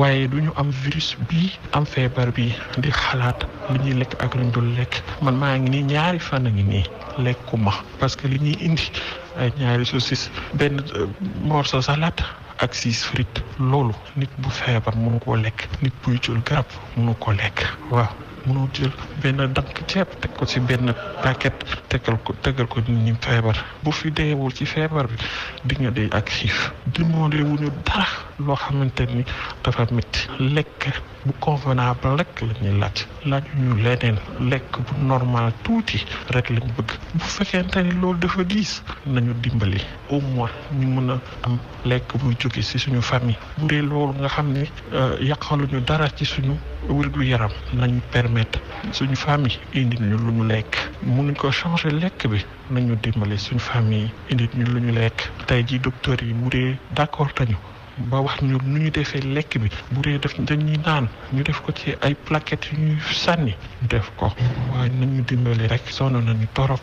waaye du ñu am virus bi am feebar bi di xalaat lu lekk ak lu ñu lekk man maa ngi ni ñaari fan a ngi nii lekkuma parce que li ñuy indi ñaari saucisse benn euh, mborso salaat ak six frites loolu nit bu feebar mënu koo lekk nit buy jël garab mënu ko lekk waa mënoo jël benn dank ceeb teg ko ci benn paquet tegal ko tegal ko nit feebar bu fi deewul ci feebar bi di nga dee ak xiif dimbali wu ñu dara loo xamante ni dafa métti lekk bu convenable rek la ñuy laaj laaj ñu leneen lekk bu normal tuuti rek lañ bëgg bu fekkente ni loolu dafa diis nañu dimbali au moins ñu mën a am lekk buy jóge ci suñu famille bu dee loolu nga xam ne euh, yàqaluñu dara ci suñu wérgu yaram nañ permettre suñu famille indi ñu lu ñu lekk mënuñ ko changer lekk bi nañu dimbali suñu famille indi ñu lu ñu lekk tey ji docteur yi mu dee d'accord tañu ba wax ñu nu ñu defee lekk bi bu dee def dañuy naan ñu def ko ci ay plaquettes yu ñuy sànni def ko waaye nañu dimbali rek sonn nañu torop